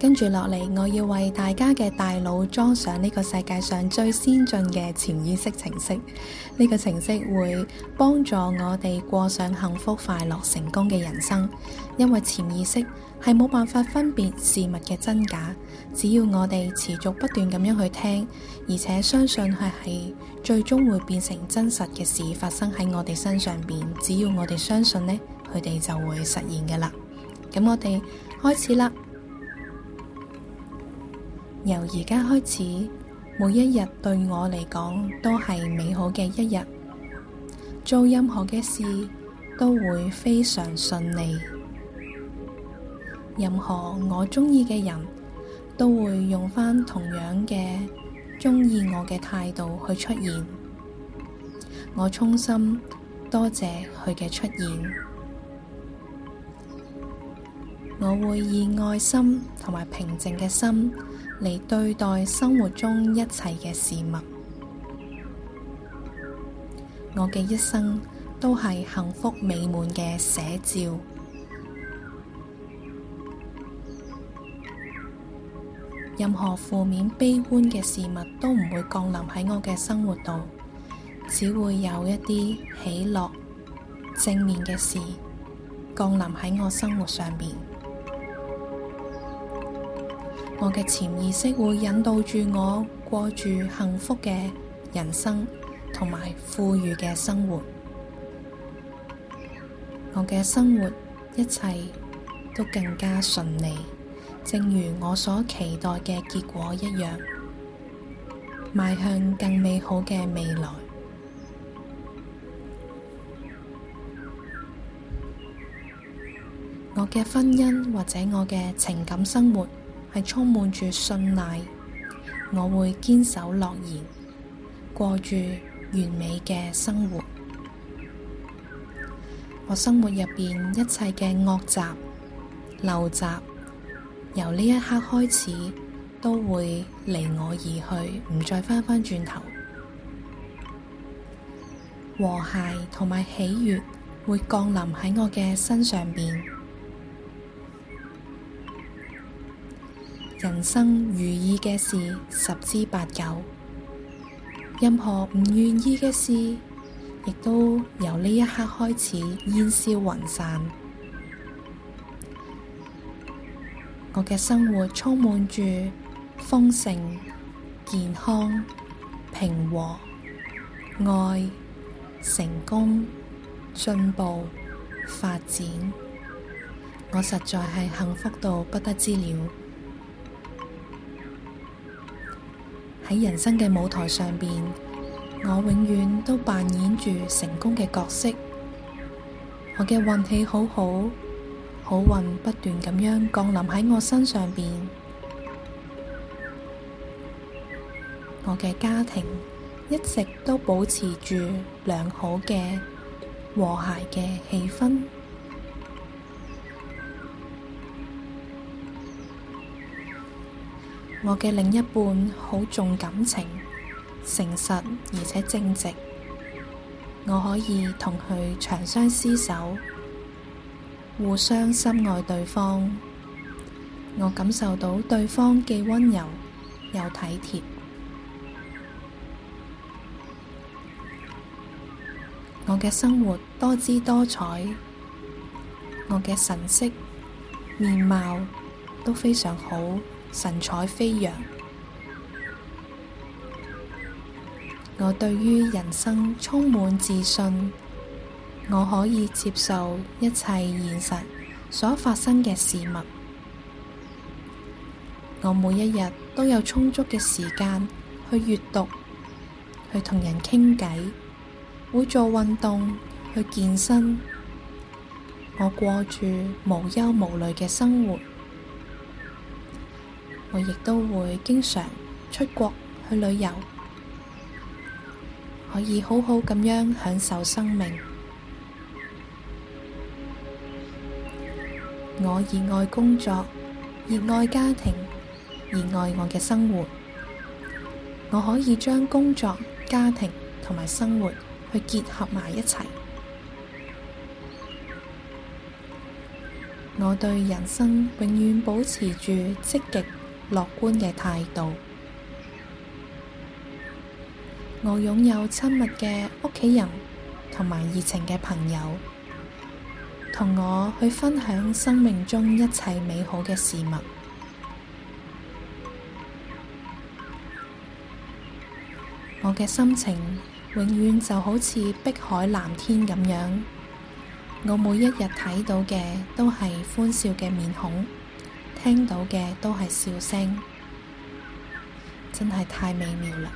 跟住落嚟，我要為大家嘅大腦裝上呢個世界上最先進嘅潛意識程式。呢個程式會幫助我哋過上幸福、快樂、成功嘅人生。因為潛意識係冇辦法分辨事物嘅真假，只要我哋持續不斷咁樣去聽，而且相信佢係最終會變成真實嘅事發生喺我哋身上邊。只要我哋相信呢，佢哋就會實現嘅啦。咁我哋開始啦。由而家開始，每一日對我嚟講都係美好嘅一日。做任何嘅事都會非常順利。任何我鍾意嘅人都會用返同樣嘅鍾意我嘅態度去出現。我衷心多謝佢嘅出現。我會以愛心同埋平靜嘅心。嚟對待生活中一切嘅事物，我嘅一生都係幸福美滿嘅寫照。任何負面悲觀嘅事物都唔會降臨喺我嘅生活度，只會有一啲喜樂正面嘅事降臨喺我生活上邊。我嘅潛意識會引導住我過住幸福嘅人生，同埋富裕嘅生活。我嘅生活一切都更加順利，正如我所期待嘅結果一樣，邁向更美好嘅未來。我嘅婚姻，或者我嘅情感生活。係充滿住信賴，我會堅守諾言，過住完美嘅生活。我生活入邊一切嘅惡習、陋習，由呢一刻開始都會離我而去，唔再翻返轉頭。和諧同埋喜悅會降臨喺我嘅身上邊。人生如意嘅事十之八九，任何唔願意嘅事，亦都由呢一刻開始煙消雲散。我嘅生活充滿住豐盛、健康、平和、愛、成功、進步、發展，我實在係幸福到不得之了。喺人生嘅舞台上邊，我永遠都扮演住成功嘅角色。我嘅運氣好好，好運不斷咁樣降臨喺我身上邊。我嘅家庭一直都保持住良好嘅和諧嘅氣氛。我嘅另一半好重感情、誠實而且正直，我可以同佢長相廝守，互相深愛對方。我感受到對方既温柔又體貼。我嘅生活多姿多彩，我嘅神色面貌都非常好。神采飛揚，我對於人生充滿自信，我可以接受一切現實所發生嘅事物。我每一日都有充足嘅時間去閱讀，去同人傾偈，會做運動，去健身。我過住無憂無慮嘅生活。我亦都會經常出國去旅遊，可以好好咁樣享受生命。我熱愛工作，熱愛家庭，熱愛我嘅生活。我可以將工作、家庭同埋生活去結合埋一齊。我對人生永遠保持住積極樂觀嘅態度，我擁有親密嘅屋企人同埋熱情嘅朋友，同我去分享生命中一切美好嘅事物。我嘅心情永遠就好似碧海藍天咁樣，我每一日睇到嘅都係歡笑嘅面孔。聽到嘅都係笑聲，真係太美妙啦！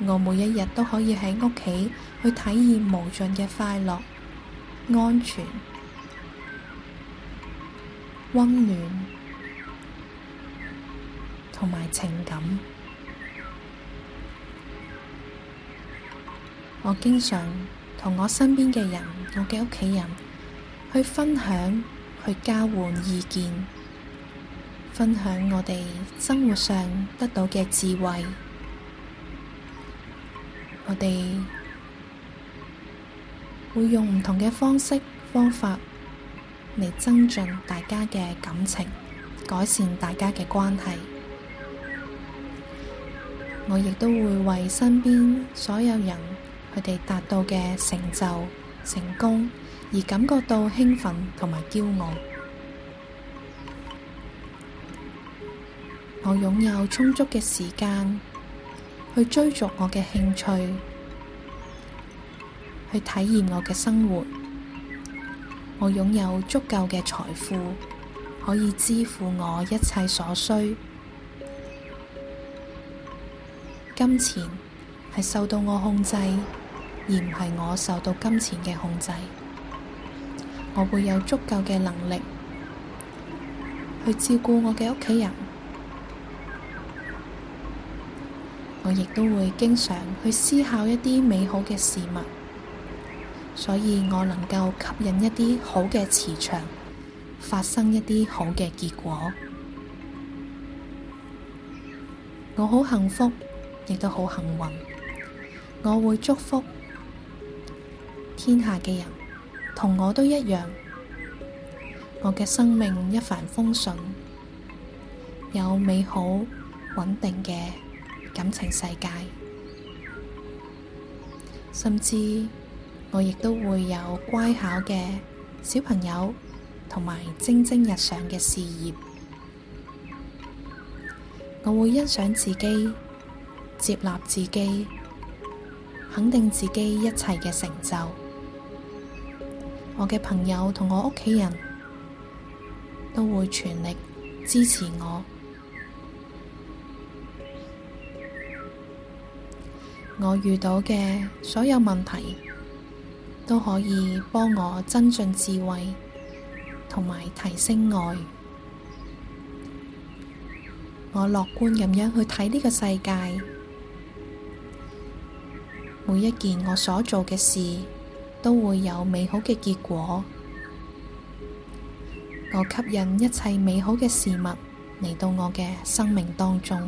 我每一日都可以喺屋企去體驗無盡嘅快樂、安全、温暖同埋情感。我經常同我身邊嘅人，我嘅屋企人去分享。去交換意見，分享我哋生活上得到嘅智慧，我哋會用唔同嘅方式方法嚟增進大家嘅感情，改善大家嘅關係。我亦都會為身邊所有人，佢哋達到嘅成就成功，而感覺到興奮同埋驕傲，我擁有充足嘅時間去追逐我嘅興趣，去體驗我嘅生活。我擁有足夠嘅財富，可以支付我一切所需。金錢係受到我控制，而唔係我受到金錢嘅控制。我會有足夠嘅能力去照顧我嘅屋企人，我亦都會經常去思考一啲美好嘅事物，所以我能夠吸引一啲好嘅磁場，發生一啲好嘅結果。我好幸福，亦都好幸運。我會祝福天下嘅人。同我都一樣，我嘅生命一帆風順，有美好穩定嘅感情世界，甚至我亦都會有乖巧嘅小朋友，同埋蒸蒸日上嘅事業。我會欣賞自己，接納自己，肯定自己一切嘅成就。我嘅朋友同我屋企人都會全力支持我，我遇到嘅所有問題都可以幫我增進智慧，同埋提升愛。我樂觀咁樣去睇呢個世界，每一件我所做嘅事，都會有美好嘅結果。我吸引一切美好嘅事物嚟到我嘅生命當中。